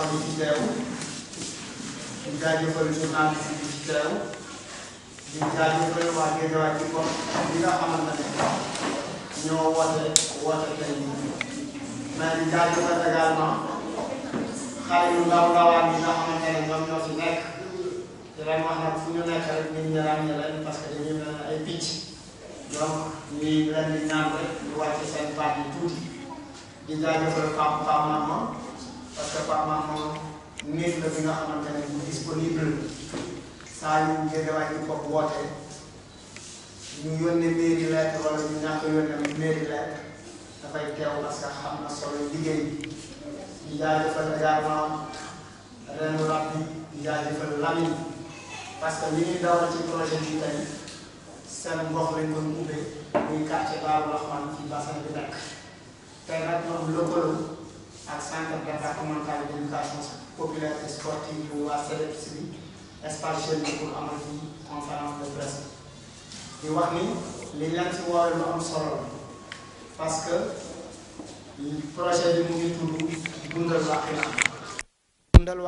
soxna bi ci teew di jaajëfal journaliste bi ci teew di jaajëfal waa Guédiawaye ci kon li nga xamante ne ñoo woote woote tey mais di jaajëfal également xale yu ndaw ndawaan yi nga xamante ne ñoom ñoo fi nekk di leen wax nag fu ñu nekk rek nit ñi ràññee leen parce que dañuy mel ne ay picc donc ñuy leen di ñaan rek ñu wàcc seen baat yi tuuti di jaajëfal Pape Pape Mama parce que PAMA moom néeg la bi nga xamante ne bu disponible saa yu Guédiawaye hip hop wootee ñu yónnee mairie lettre wala ñu ñàkk yónnee mairie lettre dafay teew parce que xam na solo liggéey bi di jaajëfal également ren rab bi di jaajëfal Lamine parce que li ñuy dawal ci projet bi tey seen gox lañ doon ubbee muy quartier Darou Rahmane ci bassin bi dakk tey nag ñoom lëkkaloo ak centre départemental d' éducation populaire et sportive bu waa CEDEPS bi pour amal fi conférence de presse di wax ni li leen ci woowee lu am solo la parce que projet bi mu ngi tudd dundal Wakhinane dundal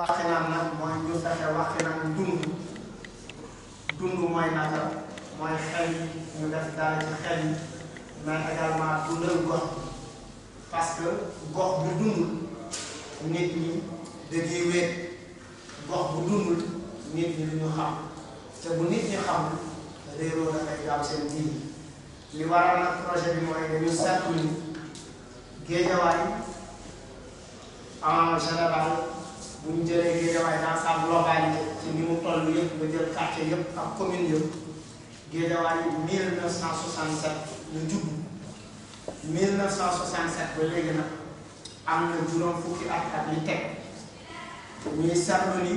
mooy ñu fexe Wakhinane dund dund mooy naka mooy xel ñu def daal ci xel mais également dundal gox parce que gox bu dundul nit ñi dañuy wéet gox bu dundul nit ñi lu ñu xam te bu nit ñi xam na ay gaaw seen biir li waral na projet bi mooy dañu seetlu ni géejawaay en général bu ñu jëlee géejawaay dans sa globalité ci ni mu toll yëpp ba jël quartier yëpp ak commune yëpp géejawaay 1967 ñu jublu 1967 ba léegi nag am na juróom fukki at ak li teg ñuy seetlu ni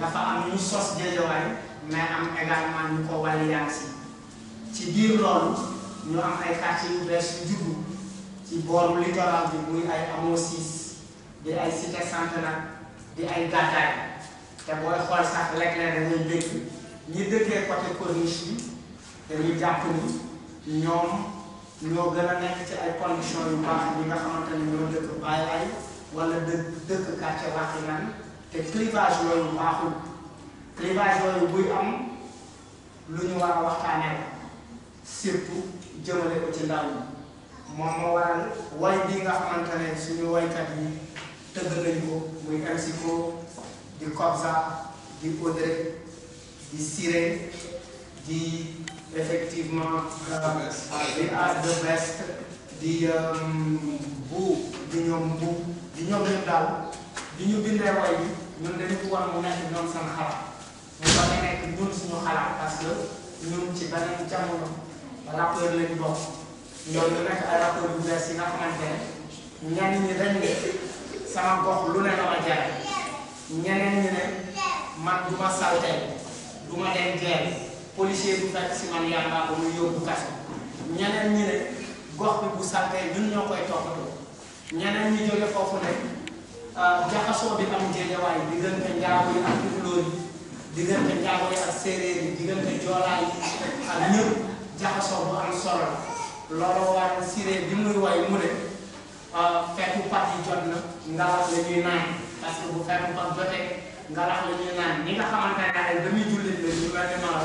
dafa am ñu sos Géejawaay mais am également ñu ko wàlliyaansi ci biir loolu ñu am ay quartier yu bees yu juddu ci booru littoral bi muy ay Hamo 6 di ay Cité Centenaire di ay gàddaay te booy xool sax léeg-léeg dañuy dégg ñi dëkkee côté corniche bi dañuy jàpp ni ñoom. ñoo gën a nekk ci ay conditions yu baax ñi nga xamante ne ñoo dëkk bayaay wala dë dëkk quartier waxi nan te clivage yooyu baaxul clivage yooyu buy am lu ñu war a waxtaanee surtout jëmale ko ci ndaw ñi moom way bi nga tëgg nañ ko muy MC di Kobza die effectivement di de eh, vest di bu di ñoom bu di ñoom ñëpp di ñu bindee way bi ñun dañu ko war mu nekk ñoom seen xalaat mu ba nga nekk ñun suñu xalaat parce que ñun ci beneen jamono rappeur lañ ñu nekk ay rappeur nga ñi dañ ne sama gox lu ne la jaay ñeneen ñi ne man du ma salte dem policier bu fekk si man yàmbaa ba muy yóbbu kaso ñeneen ñi ne gox bi bu sànkee ñun ñoo koy toppatoo ñeneen ñi jóge foofu ne ah, jaxasoo bi am géejawaay diggante njaago yi ak tukulóor yi diggante njaago ak séeréer diggante joolaa yi muy way mu ne ah, fekku pat yi jot na ngalax la ñuy naan parce que bu fekku pat jotee ngalax la ñuy naan ñi nga xamante ne ay demi jullit la ñu mel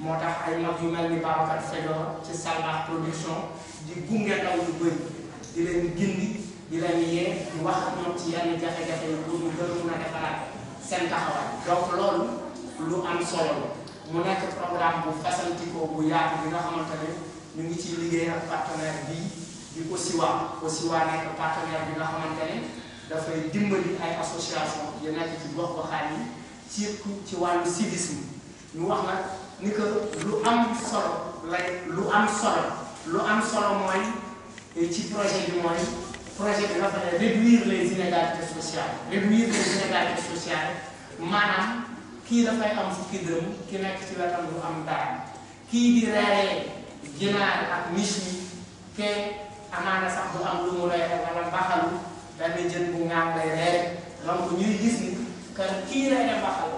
moo tax ay mag yu mel ni Babacar Seydor ci Salbaax production di gunge ndaw yu bëri di leen gindi di leen yee ñu wax ak ñoom ci yenn jafe-jafe yi pour ñu a mun loolu lu am solo mu nekk programme bu fasantikoo bu yaatu bi nga xamante ñu ngi ci liggéey ak partenaire bi di OSIWA OSIWA nekk partenaire bi nga xamante ne dafay dimbali ay association yu nekk ci gox goxaan yi surtout ci wàllu civisme ñu wax nag. ni que lu am solo lay lu am solo lu am solo mooy ci projet bi mooy projet bi nga xam ne réduire les inégalités sociales réduire les inégalités sociales maanaam kii dafay am fukki dërëm ki nekk ci wetam lu am dara kii di reeree ginaar ak miche yi amaana sax bu am lu mu reere wala mbaxalu benn jën bu ngaam lay reere donc ñuy gis ni que kii reere mbaxalu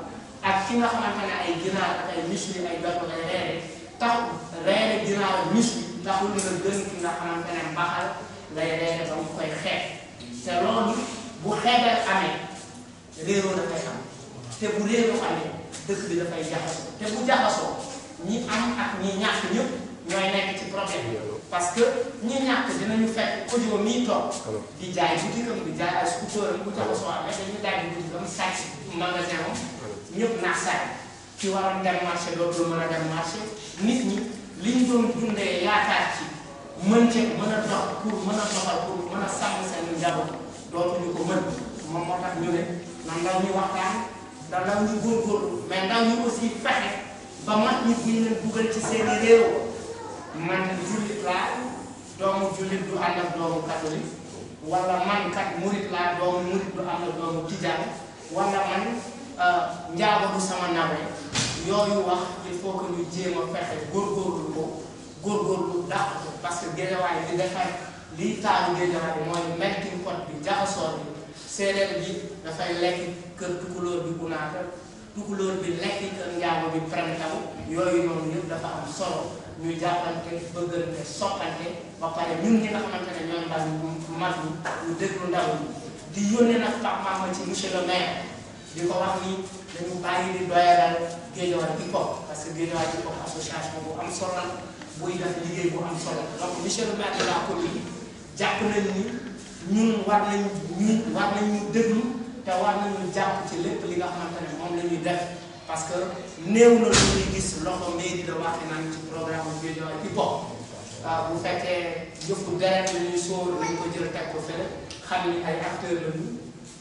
ki nga xamante ne ay ginaar ak ay mus ay gàtt ay reere taxul reere ginaar ak mus taxul nga gën ki nga xamante ne mbaxal ngay reere te bu xeebal amee réeroo dafay am te bu réeroo amee dëkk bi dafay jaxasoo te bu jaxasoo ñi am ak ñi ñàkk ñëpp ñooy nekk ci problème parce que ñi ñàkk dinañu fekk audio mii toog di jaay butikam di jaay ay scooteram bu jaxasoo amee dañu daal di butikam sàcc ñëpp naa saay ci waram dem marché do do mëna dem marché nit ñi liñ doon dundee yaakaar ci mën ci mëna a dox pour mën a doxal pour mën a sàmm seen njaboot dootuñu ko mën mo moo tax ñu né na ndaw ñu waxtaan da ndaw ñu gor gor mais ndaw ñu aussi fexé ba mag ñi buñ leen dugal ci seen réew man jullit la doomu jullit du ànd ak doomu catholique wala man kat murit la doomu murit du ànd ak doomu tidiane wala man njaago du sama nawle yooyu wax il faut que ñu jéem a fexe góorgóorlu ko góorgóorlu dàq ko parce que géejawaay li defar liy taalu géejawaay bi mooy melting pot bi jaxasoor bi séeréer bi dafay lekk kër tukulóor bi gunaata tukulóor bi lekk kër njaago bi prentam yooyu noonu yëpp dafa am solo ñu jàppante bëggante soppante ba pare ñun ñi nga xamante ne ñoom daal ndaw ñi di yónnee nag Pape Mamadou ci monsieur le di ko wax ni. dañu bàyyi di doyalal Guédiawaye hip hop parce que Guédiawaye hip hop association bu am solo buy def liggéey bu am solo jàpp nañ ni ñun war nañ ñu jàpp ci lépp li nga parce que néew na lu ñuy gis loxo bu fekkee jëf bu deret la ñuy ko jël teg ko fële xam ni ay acteurs la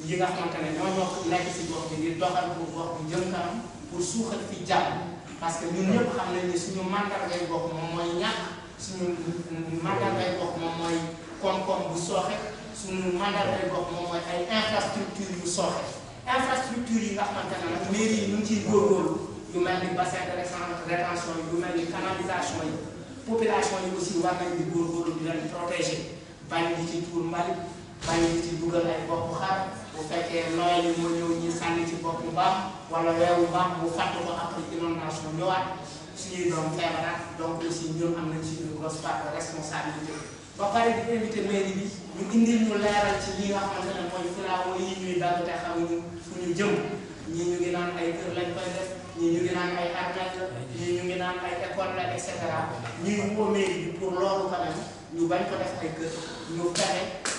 ñi nga xamante ne ñoo bokk nekk si gox bi ngir doxal ko gox bi jëm kanam pour suuxat fi jàmm parce que ñun ñëpp xam nañ ne suñu màndargay gox moom mooy ñàkk suñu màndargay gox moom mooy koom-koom bu sooxe suñu màndargay gox moom mooy ay infrastructure yu sooxe infrastructure yi nga xamante ne nag mairie yi ñu ngi ciy góorgóorlu yu mel ni bassin de rétention yi yu mel ni canalisation yi population yi aussi war nañ di góorgóorlu di leen protéger bañ di ci tour mbalit bàyyi ci dugal ay bopp xar bu fekkee noyyi li moo ba pare di invité mairie bi ñu indil ñu leeral ci li nga xamante ne mooy filaawo yi ñuy dagg te xamuñu fu ñu jëm ñii ñu ngi naan ay kër lañ koy def ñii ñu ngi naan ay armée la ñu ngi naan ay bi pour loolu quand même ñu bañ ko def ay kër ñu fexe.